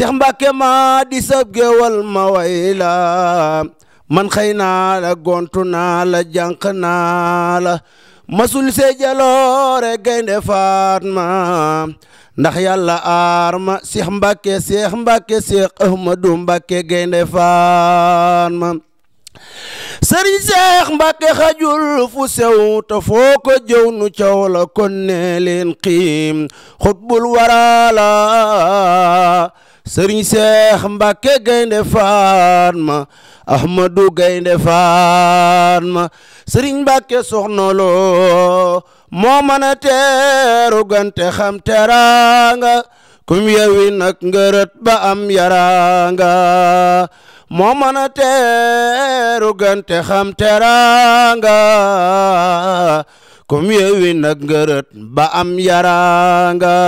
Seex Mbàkke ma di sab ma way man xëy naa la gontu naa la jànq naa la masul see jaloore gaynde faat ma ndax yàlla aar ma Seex Mbàkke Seex Mbàkke Seex Ahmadu Mbàkke gaynde faat ma sëriñ Seex Mbàkke xajul fu sew te foo ko jëw nu caw la kon ne leen xiim xutbul waraala sëriñ seex mbàkke gaynde faatma ahmadu gaynde faatma sëriñ mbàkke soxna loo mën a teeru gante xam teraanga kum yewi nag ngërët ba am yaraanga moo mën a teeru gante xam teraanga kum ngërët ba am yaraanga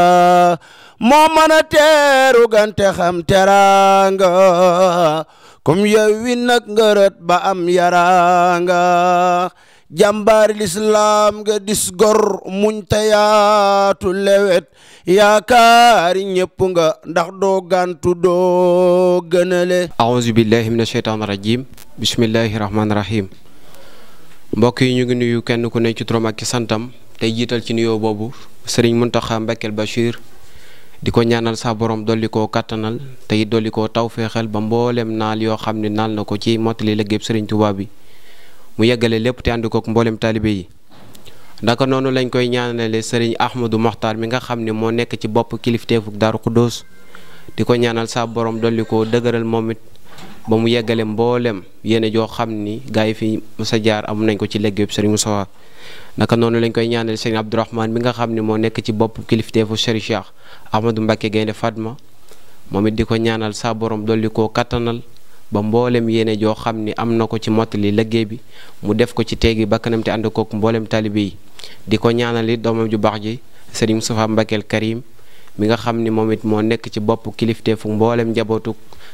moo a teeru gante xam teraanga comme yow wi nag ngërët ba am yaraanga jàmbaari lislaam nga dis gor muñ te yaatu lewet yaakaari ñëpp nga ndax doo gàntu doo gënale aouzu billahi min asheytaan rajim bismillahi rahmaani rahim mbokk yi ñu ngi nuyu kenn ku ne ci turam santam tey jiital ci nuyoo boobu sëriñ Muntaxa Mbakel Bachir di ko ñaanal saa borom dolli koo kàttanal tey dolli koo taw féexal ba mboolem naal yoo xam ne naal na ko ci mottali liggéey sëriñ Tuubaa bi mu yeggale lépp te ànd kook mboolem taalibe yi naka noonu lañ koy ñaanale sëriñ Ahmadou Mokhtar mi nga xam ne moo nekk ci bopp kilifteefu Daaru Xuddoos di ko ñaanal saa borom dolli koo dëgëral moom it ba mu yeggale mbooleem yéen joo xam ni gars yi fi mës sa jaar am nañ ko ci liggéey sëriñ Moussa naka noonu lañ koy ñaanale sëriñ Abdourahmane mi nga xam ne moo nekk ci bopp kilifteefu sëriñ Cheikh Ahmadou Mbacke Gaynde Fatma moom it di ko ñaanal saa boroom dolli koo kattanal ba mboolem yéene joo xam ni am na ko ci mottali liggéey bi mu def ko ci teegi bakkanam te ànd kook mboolem taalibe yi di ko ñaanal it ju baax ji sëriñ Moustapha Mbackel Karim mi nga xam ni moom it moo nekk ci bopp kilifteefu mboolem njabootu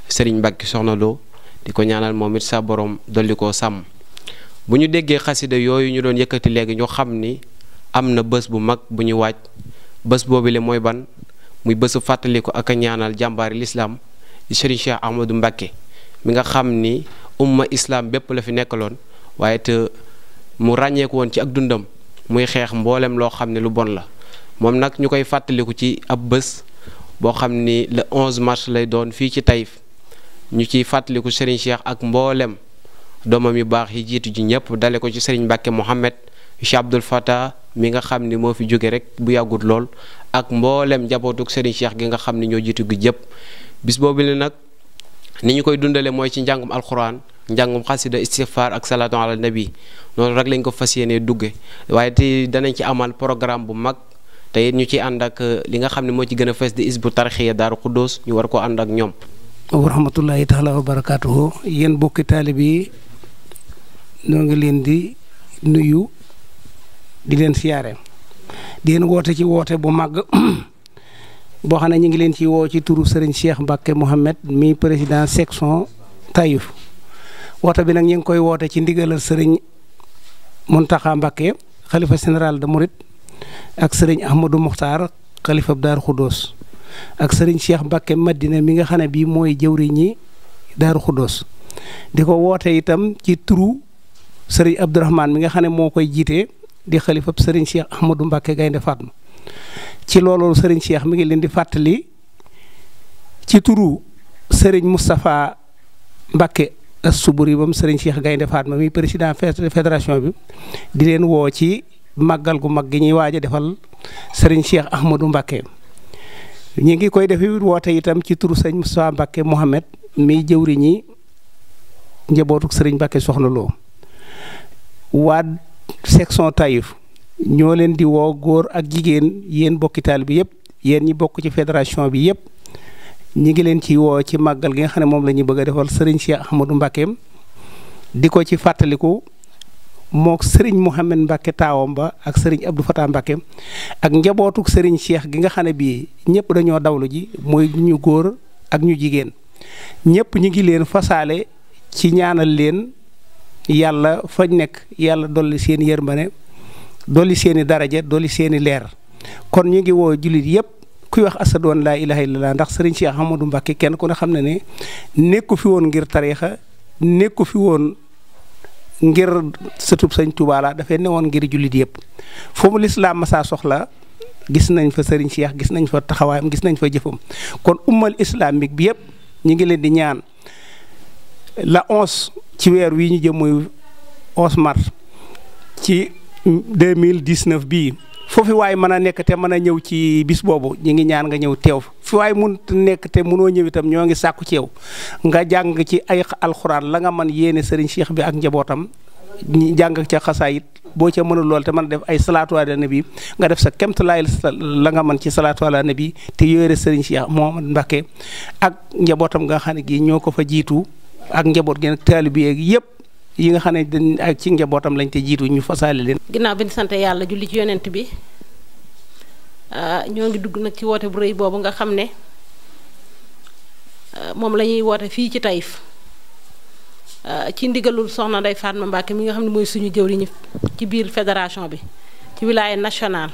sëriñ Mbacke soxna Lo di ko ñaanal moom it saa borom dolli koo sàmm bu ñu déggee xasida yooyu ñu doon yëkkati léegi ñu xam ni am na bés bu mag bu ñu waaj bés boobu le mooy ban muy bésu fàttaliku ak a ñaanal jàmbaari lislaam di Serigne Cheikh Ahmadou Mbacké mi nga xam ni umma islam bépp la fi nekkaloon waaye te mu ràññeeku woon ci ak dundam muy xeex mboolem loo xam ne lu bon la moom nag ñu koy fàttaliku ci ab bés boo xam ni le onze mars lay doon fii ci Taïf ñu ciy fàttaliku Serigne Cheikh ak mbooleem doomam yu baax yi jiitu ji ñëpp dale ko ci Serigne Mbacké Mohamed Cheikh Abdoul Fattah mi nga xamni mo fi joge rek bu yagut lol ak mbollem njabootuk Serigne Cheikh gi nga xamni ñoo jiitu gu jep bis bobu le nak ni ñu koy dundale moy ci njàngum alquran njàngum xasida istighfar ak salatu ala nabi non rek lañ ko fassiyene yéenee dugge waaye te danañ ci amal programme bu mag te it ñu ci and ak euh, li nga xamni mo ci gëna fess di isbu tarikhia daaru qudus ñu war ko and ak ñom wa rahmatullahi taala wa barakatuh yeen bokki talibi no noo ngi leen di nuyu di len siyaare di leen woote ci woote bu mag bo xana ñi ngi len ci wo ci turu Serigne Cheikh Mbacke mohammed mi président section tayuf woote bi nak ñi ngi koy woote ci ndigal Serigne muntaha Mbacke khalifa général de mourid ak Serigne Ahmadou mukhtar khalifa dar ak Serigne Cheikh Mbacke Madina mi nga xana bi moy jewri ñi dar Khoudoos di ko itam ci turu Serigne Abdourahmane mi nga xane mo koy jité di xalifab sëriñ Cheikh Ahmadou Mbacke Gaynde Fatma ci loolu sëriñ Cheikh mi ngi leen di fàttali ci turu sëriñ Moustapha Mbacke as suburi bam sëriñ Cheikh Gaynde Fatma mi président fédération bi di leen woo ci màggal gu mag gi ñuy waaj a defal sëriñ Cheikh Ahmadou Mbacke. ñu ngi koy def woote itam ci turu sëriñ Moustapha Mbacke Mohamed mi jëwriñi njabootu sëriñ Mbacke soxna loo section taif ño len di wo gor ak jigen yéen bokki taalibe bi yëpp yéen ñi bokk ci federation bi yëpp ñi ngi len ci wo ci magal gi nga xamne mom lañu bëgg defal serigne Cheikh Ahmadou Mbacké di ci fataliku mok serigne mohammed Mbacké taawam ba ak serigne Abdou Fatah Mbacké ak njabootuk serigne Cheikh gi nga xam bi ñepp dañu dawlu ji moy ñu góor ak ñu jigen ñepp ñi ngi leen fasale ci ñaanal leen yàlla fañ nekk yàlla dolli seen yërmane dolli seen i daraja dolli seen i leer kon ñu ngi woo jullit yëpp kuy wax asadu an laa ilaha illallah ndax sëriñ Cheikh Ahmadou Mbacké kenn ku ne xam ne ne nekku fi woon ngir tariixa nekku fi woon ngir sëtub sëñ Tuubaa la dafay newoon ngir jullit yëpp foofu mu lislaam masaa soxla gis nañ fa sëriñ Cheikh gis nañ fa taxawaayam gis nañ fa jëfam kon ummal islamique bi yëpp ñu ngi leen di ñaan la onze ci weer wii ñu jëm muy 11 mars ci 2019 bii foofu waaye mën a nekk te mën a ñëw ci bis boobu ñu ngi ñaan nga ñëw teew fi waaye mun nekk te munoo ñëw itam ñoo ngi sàkku ci yow nga jàng ci ay alxuraan la nga man yéene sëriñ Cheikh bi ak njabootam ñi jàng ca boo ca mënul lool te mën def ay salaatu ala nabi nga def sa kemtalaay la nga mën ci salaatu ala te yore sëriñ Cheikh Mouhamad Mbacké ak njabootam nga xam ne gii ñoo ko fa jiitu ak njaboot gi nag taalibe yeeg yëpp yi nga xam ne dañ ak ci njabootam lañ te jiitu ñu fasaale leen. ginnaaw bi ñu sant yàlla julli ci yonent bi ah, ñoo ngi dugg nag ci woote bu rëy boobu nga xam ne ah, moom lañuy woote fii ci Taïf ah, ci ndigalul soxna Ndeye Fatma Mbacke mi nga xam ne mooy suñu jëwriñ ci biir fédération bi ci wilaya national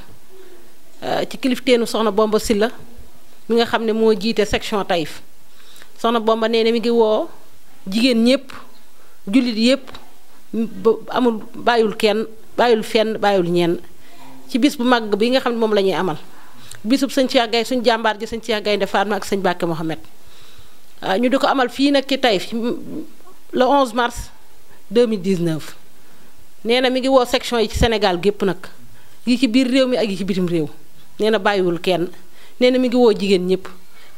ci kilifteenu soxna Bomba Silla mi nga xam ne moo jiite section Taïf soxna Bomba nee mi ngi woo. jigéen ñépp jullit yépp amul bàyyul kenn bàyyul fenn bàyyul ñenn ci bis bu màgg bi nga xam ne moom la ñuy amal bisub sëñ Cheikh Gaye suñ jàmbaar ji sëñ Cheikh Gaye Ndeye Fatma ak sëñ Bàkke Mohamed ah, ñu di ko amal fii nag ci tey le 11 mars 2019 nee na mi ngi woo section yi ci senegal gépp nag yi ci biir réew mi ak yi ci bitim réew nee na bàyyiwul kenn nee na mi ngi woo jigéen ñépp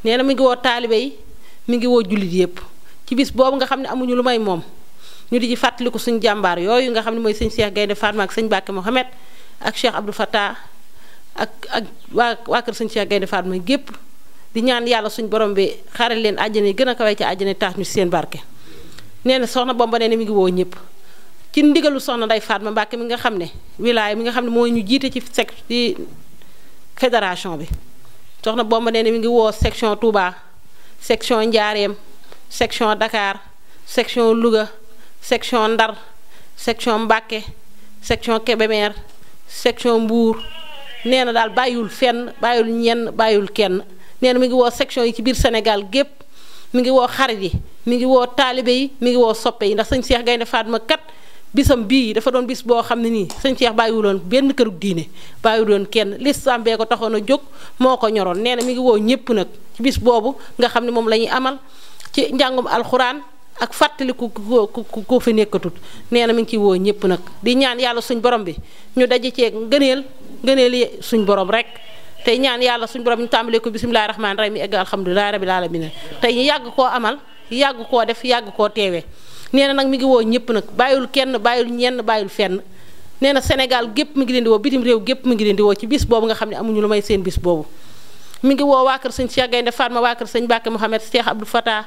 nee na mi ngi woo taalibe yi mi ngi woo jullit yépp ci bis boobu nga xam ne amuñu lu may moom ñu di ci fàttaliku suñ jàmbaar yooyu nga xam ne mooy sëñ Cheikh Gaynde Fatma ak sëñ Bàkke Mohamed ak Cheikh Abdou Fattah ak ak waa waa kër sëñ Cheikh Gaynde Fatma gépp di ñaan yàlla suñ borom bi xaaral leen àjjana yi gën a kawee ci àjjana tax ñu seen barke nee na soxna Bamba nee na mi ngi woo ñëpp ci ndigalu soxna Ndey Fatma Mbàkke mi nga xam ne wilaaya mi nga xam ne mooy ñu jiite ci sec ci fédération bi soxna Bamba nee na mi ngi woo section Touba section Njaareem section Dakar section Louga section Ndar section Mbacké section Kébémer section mbuur nee na daal bàyyiwul fenn bàyyiwul ñenn bàyyiwul kenn nee na mi ngi woo section yi ci biir Sénégal gépp mu ngi woo xarit yi mu ngi woo taalibe yi mi ngi woo soppe yi ndax sëñ Cheikh Gaynde faatma kat bisam bii dafa doon bis boo xam ne nii sëñ Cheikh bàyyiwuloon benn kërug diine bàyyiwuloon kenn lislaam bee ko taxoon a jóg moo ko ñoroon nee na mi ngi woo ñépp nag ci bis boobu nga xam ne moom la ñuy amal ci njàngum alxuraan ak fàttali ku ko fi nekkatut nee na mi ngi ciy woo ñëpp nag di ñaan yàlla suñ borom bi ñu daje cee ngëneel ngëneel yi suñ borom rek tey ñaan yàlla suñ borom ñu tàmbalee ko bisimilahi rahmaani rahim egg alhamdulilahi rabil alamina tey ñu yàgg koo amal yàgg koo def yàgg koo teewee neena na nag mi ngi woo ñëpp nag bàyyul kenn bàyyul ñenn bàyyul fenn nee na Sénégal gépp mi ngi leen di woo bitim réew gépp mi ngi leen di woo ci bis boobu n xam ne amuñu lu may seen bis boobu mi ngi woo waa kër sëñ Cheikh Gaynde Fatma waa kër sëñ Bakke Mouhamed Cheikh Abdou Fatah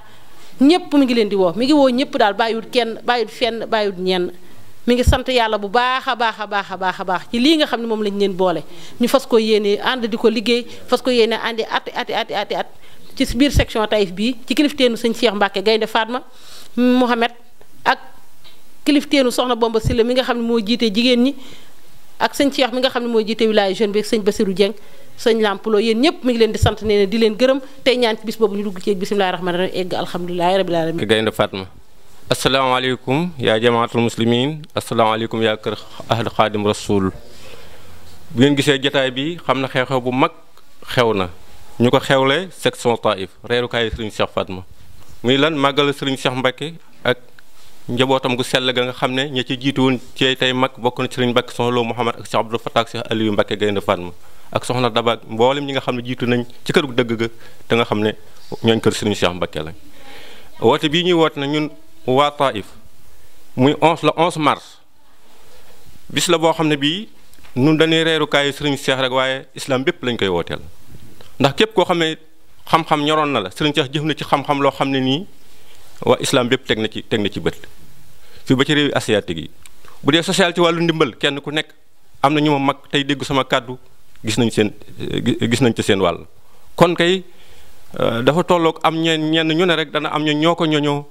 ñëpp mu ngi leen di woo mi ngi woo ñëpp daal bàyyiwut kenn bàyyiwut fenn bàyyiwut ñenn mi ngi sant yàlla bu baax a baax a baax a baax a baax ci lii nga xam ne moom lañ leen boole ñu fas ko yéene ànd di ko liggéey fas ko yéene àndi ati ati ati ati at ci biir section Taïf bii ci kilifteenu sëñ Cheikh Mbacke Gaynde ma Mouhamed ak kilifteenu soxna Bomba Silla mi nga xam ne moo jiite jigéen ñi ak sëñ Cheikh mi nga xam ne mooy jiite wilaayu jeune bi sëñ Basirou Dieng sëñ Lamplo yéen ñëpp mi ngi leen di sant nee na di leen gërëm tey ñaan ci bis boobu ñu dugg ci bisimilahi rahmaani rahim egg alhamdulilahi rabil alamin gaynde Fatma asalaamaaleykum yaa jamaatul muslimin asalaamaaleykum yaa kër ahlu xaadim rasul bu ngeen gisee jataay bi xam na xew-xew bu mag xew na ñu ko xewle section Taif reerukaay sëriñ Cheikh Fatma muy lan màggal sëriñ Cheikh Mbacke njabootam gu sell ga nga xam ne ña ci jiituwoon cee tey mag bokk na sëriñ Mbàkke soxna Lo Mouhamad ak Cheikh Abdou Fatah ak Cheikh Aliou Mbàkke Gaynde Fatma ak soxna Daba mboolem ñi nga xam ne jiitu nañ ci kër gu dëgg ga te nga xam ne ñooñ kër sëriñ seex Mbàkke la woote bii ñuy woote na ñun waa Taif muy 11 la 11 mars bis la boo xam ne bii nun dañuy reerukaayu sëriñ seex rek waaye islam bépp lañ koy wooteel ndax képp koo xam ne xam-xam ñoroon na la sëriñ Cheikh na ci xam loo xam ne nii wa islam bepp tek na ci tek na ci beut fi ba ci rew asiatique yi bu dee social ci walu ndimbal kenn ku nek am ñuma mag tay dégg sama kaddu gis nañ sen gis nañ ci sen wal kon kay euh, dafa tolloog am ñen ñen ñu ne rek dana am ñu ñoko ñoño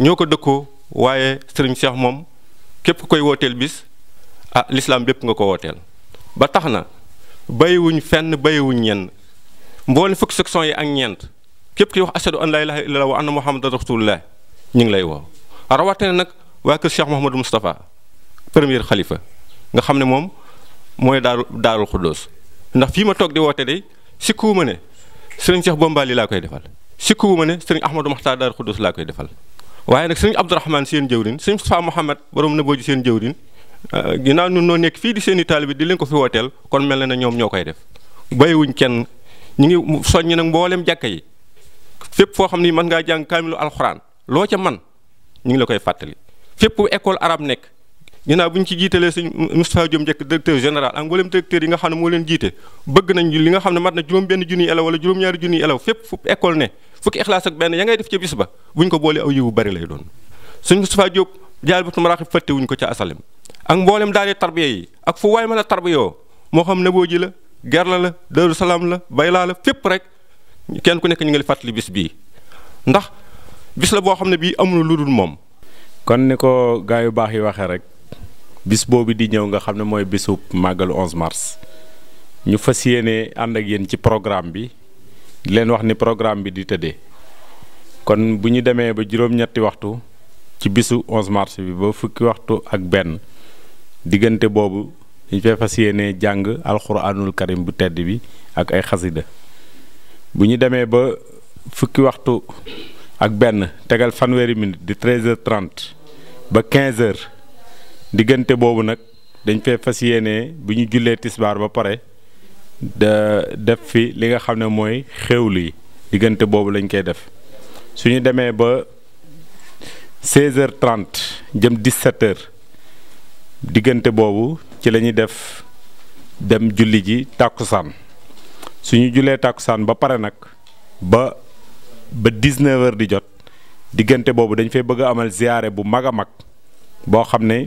ñoko dekkoo ko serigne Cheikh mom kep koy wotel bis ah l'islam bepp nga ko wotel ba taxna bayiwuñ fenn bayiwuñ ñen mbol fuk section yi ak ñent képp ki wax ashadu an laa ilaaha illallaah wa anna muhammadan ñu ngi lay woo rawatina nag waa kër Cheikh Mouhamadou Moustapha premier xalifa nga xam ne moom mooy daaru daarul xuddoos ndax fii ma toog di woote de sikkuwu ma ne sëriñ Cheikh Bombali laa koy defal sikkuwu ma ne sëriñ Ahmadou Maxtaar daaru xuddoos laa koy defal waaye nag sëriñ Abdourahmane seen jëwrin sëriñ Moustapha Mohamed borom nëbboo ji seen jëwrin euh, ginnaaw ñun noo nekk fii di seeni i di leen ko fi wooteel kon mel na ne ñoom ñoo koy def bàyyiwuñ kenn ñu ngi soññ nag mboolem jàkka yi fépp foo xam ni mën ngaa jàng kaamilu alxuraan loo ca man ñu ngi la koy fàttali fépp école arabe nekk ginnaaw bu ñu ci jiitalee sëñ Moustapha Diom njëkk directeur général ak mboolem directeur yi nga xam ne moo leen jiite bëgg nañ li nga xam ne mat na juróom benn junniy élève wala juróom-ñaari junniy élève fépp fu école ne fukki ixlaas ak benn ya ngay def ca bis ba buñ ko boolee aw yiwu bari lay doon sëñ Moustapha Diop jaal bu tumaraxib fàtte wuñ ko ca asalem ak mboolem daale tarbiya yi ak fu waay mën a moo xam naboo ji la gerla la daru salaam la baylaa la fépp rek kenn ku nekk ñu ngi fàttali bis bii ndax bis la boo xam ne bii amul lu dul moom. kon ni ko gaa yu baax yi waxee rek bis boobu di ñëw nga xam ne mooy bisu màggalu 11 mars ñu fas yéene ànd ak yéen ci programme bi leen wax ni programme bi di tëddee kon bu ñu demee ba juróom-ñetti waxtu ci bisu 11 mars bi ba fukki waxtu ak benn diggante boobu ñu fay fas yéene jàng alxuraanul karim bu tedd bi ak ay xasida bu ñu demee ba fukki waxtu ak benn tegal fanweeri minute di 13h30 ba 15h diggante boobu nag dañ fee fas yéenee bu ñu jullee tisbaar ba pare da def fi li nga xam ne mooy xéwlu yi diggante boobu lañ koy def su ñu demee ba 16h30 jëm 17h diggante boobu ci la ñuy def dem julli ji tàkkusaan suñu julee tàkkusaan ba pare nag ba ba 19 heures di jot diggante boobu dañ fay bëgg a amal ziyaare bu mag a mag boo xam ne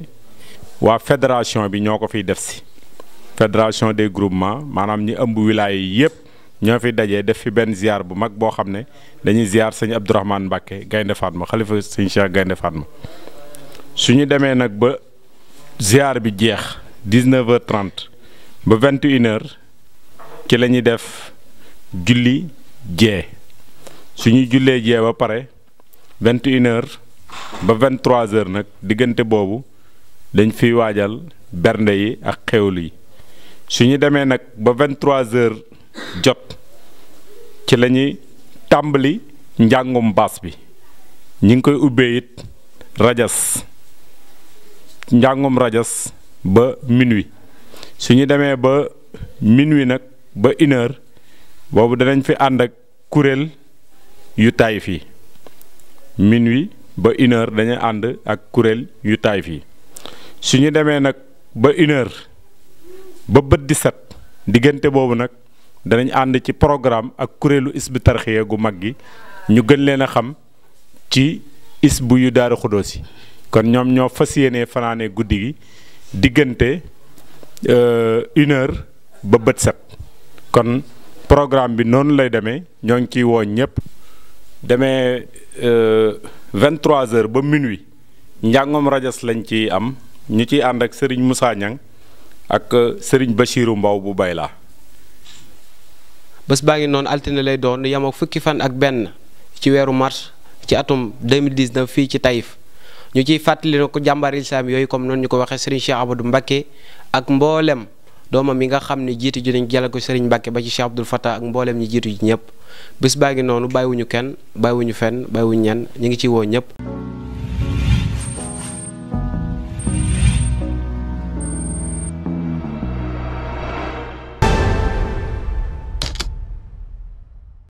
waa fédération bi ñoo ko fiy def si fédération des groupements maanaam ñi ëmb wilaaya yi yëpp ñoo fi dajee def fi benn ziar bu mag boo xam ne dañuy ziar sëñ Abdourahmane Mbacke Gaynde Fatma xalifa sëñ Cheikh Gaynde Fatma su ñu demee nag ba ziar bi jeex 19 h ba 21h ci la ñuy def julli jee suñu jullee jee ba pare vingt une heure ba vingt trois heures nag diggante boobu dañ fiy waajal bernde yi ak xewlu yi suñu demee nag ba vingt trois heures jot ci la ñuy tàmbali njàngum baas bi ñi ngi koy ubbee it rajas njàngum rajas ba minuit suñu demee ba minuit nag ba une boobu danañ fi ànd ak kuréel yu Taif yi minuit ba une heure dañuy ànd ak kuréel yu taay fii su ñu demee nag ba unner ba bët di set diggante boobu nag danañ ànd ci programme ak kuréelu isbu tarxiya gu mag gi ñu gën leen a xam ci isbu yu daaru xudoosi kon ñoom ñoo fas yéenee fanaanee guddi gi diggante euh, une heure ba bët set kon programme bi noonu lay demee ñoo ngi ciy woo ñëpp demee 23h euh, ba minuit njàngoom rajas lañ ci am ñu ciy ànd ak sëriñ Moussa Niang ak euh, Serigne Bachirou Mbow bu Bayla. bés baa ngi noonu altine lay doon yam ak fukki fan ak benn ci weeru mars ci atum 2019 fii ci Taïf ñu ciy fàttali na ko jàmbaar islam yooyu comme noonu ñu ko waxee Serigne Cheikh du Mbacké ak mbooleem doomam yi nga xam ne jiitu ji nañ jële ko Serigne Mbacke ba ci Cheikh Abdoul Fattah ak mbooleem ñi jiitu ji ñëpp bés baa ngi noonu ñu kenn bàyyiwuñu fenn bàyyiwuñu ñenn ñu ngi ciy woo ñëpp